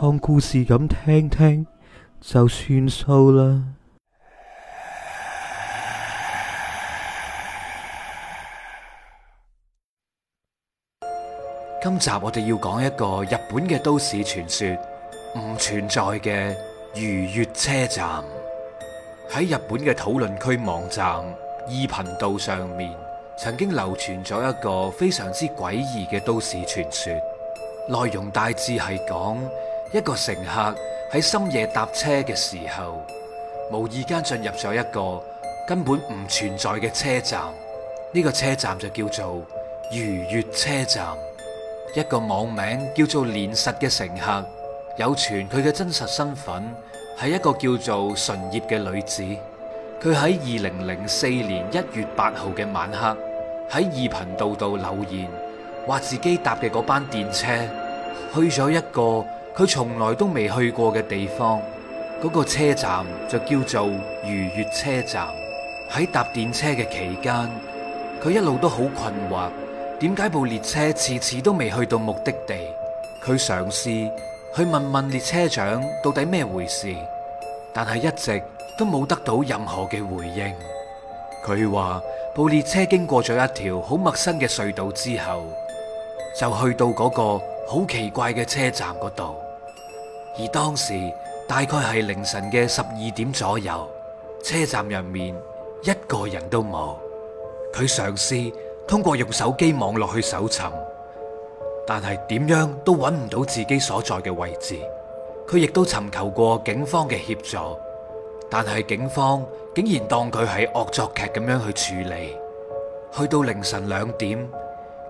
當故事咁聽聽就算數啦。今集我哋要講一個日本嘅都市傳說，唔存在嘅如月車站。喺日本嘅討論區網站二頻道上面，曾經流傳咗一個非常之詭異嘅都市傳說，內容大致係講。一個乘客喺深夜搭車嘅時候，無意間進入咗一個根本唔存在嘅車站，呢、這個車站就叫做如月車站。一個網名叫做蓮實嘅乘客，有傳佢嘅真實身份係一個叫做純業嘅女子。佢喺二零零四年一月八號嘅晚黑，喺二頻道度留言，話自己搭嘅嗰班電車去咗一個。佢從來都未去過嘅地方，嗰個車站就叫做如月車站。喺搭電車嘅期間，佢一路都好困惑，點解部列車次次都未去到目的地？佢嘗試去問問列車長到底咩回事，但係一直都冇得到任何嘅回應。佢話部列車經過咗一條好陌生嘅隧道之後，就去到嗰個好奇怪嘅車站嗰度。而當時大概係凌晨嘅十二點左右，車站入面一個人都冇。佢嘗試通過用手機網絡去搜尋，但係點樣都揾唔到自己所在嘅位置。佢亦都尋求過警方嘅協助，但係警方竟然當佢係惡作劇咁樣去處理。去到凌晨兩點，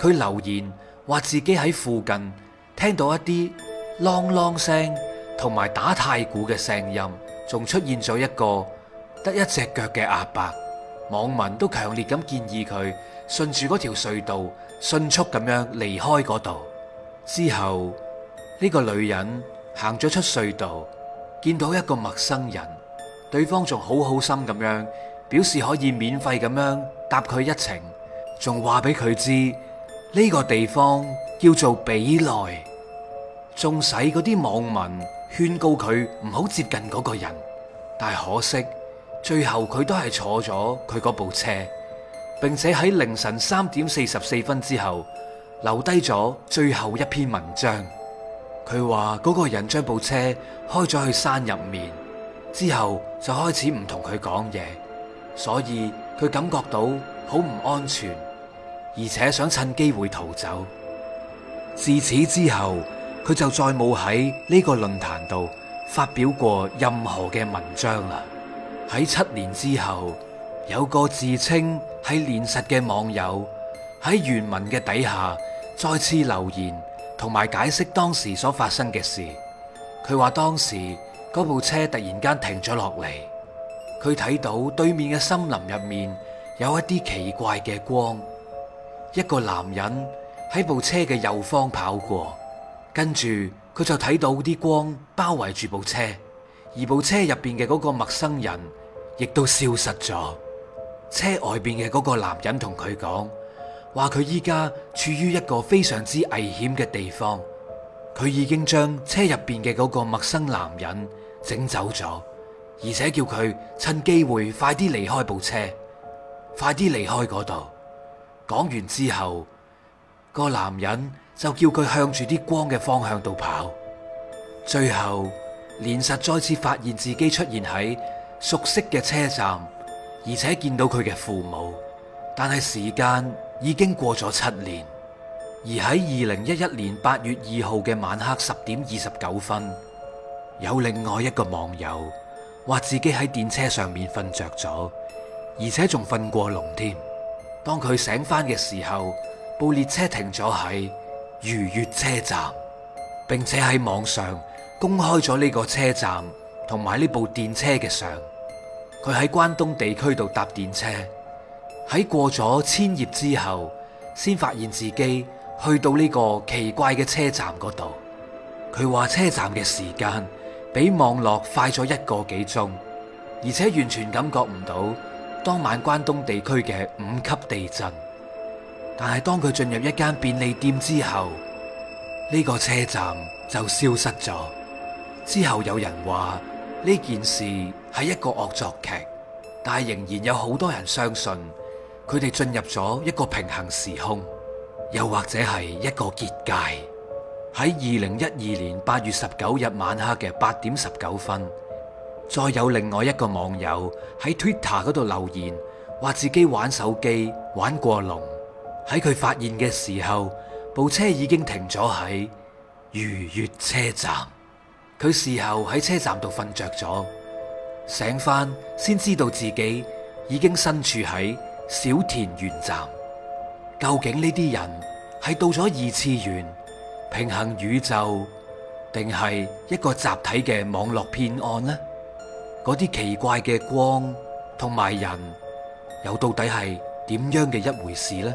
佢留言話自己喺附近聽到一啲啷啷聲。同埋打太鼓嘅聲音，仲出現咗一個得一隻腳嘅阿伯，網民都強烈咁建議佢順住嗰條隧道迅速咁樣離開嗰度。之後呢個女人行咗出隧道，見到一個陌生人，對方仲好好心咁樣表示可以免費咁樣搭佢一程，仲話俾佢知呢個地方叫做比內。仲使嗰啲網民。勸告佢唔好接近嗰個人，但係可惜，最後佢都係坐咗佢嗰部車，並且喺凌晨三點四十四分之後留低咗最後一篇文章。佢話嗰個人將部車開咗去山入面，之後就開始唔同佢講嘢，所以佢感覺到好唔安全，而且想趁機會逃走。自此之後。佢就再冇喺呢個論壇度發表過任何嘅文章啦。喺七年之後，有個自稱係現實嘅網友喺原文嘅底下再次留言，同埋解釋當時所發生嘅事。佢話當時嗰部車突然間停咗落嚟，佢睇到對面嘅森林入面有一啲奇怪嘅光，一個男人喺部車嘅右方跑過。跟住佢就睇到啲光包圍住部車，而部車入邊嘅嗰個陌生人亦都消失咗。車外邊嘅嗰個男人同佢講話，佢依家處於一個非常之危險嘅地方，佢已經將車入邊嘅嗰個陌生男人整走咗，而且叫佢趁機會快啲離開部車，快啲離開嗰度。講完之後，個男人。就叫佢向住啲光嘅方向度跑，最後連實再次發現自己出現喺熟悉嘅車站，而且見到佢嘅父母，但係時間已經過咗七年。而喺二零一一年八月二號嘅晚黑十點二十九分，有另外一個網友話自己喺電車上面瞓着咗，而且仲瞓過龍添。當佢醒翻嘅時候，部列車停咗喺如月車站，並且喺網上公開咗呢個車站同埋呢部電車嘅相。佢喺關東地區度搭電車，喺過咗千葉之後，先發現自己去到呢個奇怪嘅車站嗰度。佢話車站嘅時間比網絡快咗一個幾鐘，而且完全感覺唔到當晚關東地區嘅五級地震。但係，當佢進入一間便利店之後，呢個車站就消失咗。之後有人話呢件事係一個惡作劇，但係仍然有好多人相信佢哋進入咗一個平行時空，又或者係一個結界。喺二零一二年八月十九日晚黑嘅八點十九分，再有另外一個網友喺 Twitter 嗰度留言，話自己玩手機玩過龍。喺佢發現嘅時候，部車已經停咗喺如月車站。佢事後喺車站度瞓着咗，醒翻先知道自己已經身處喺小田原站。究竟呢啲人係到咗二次元平行宇宙，定係一個集體嘅網絡騙案呢？嗰啲奇怪嘅光同埋人，又到底係點樣嘅一回事呢？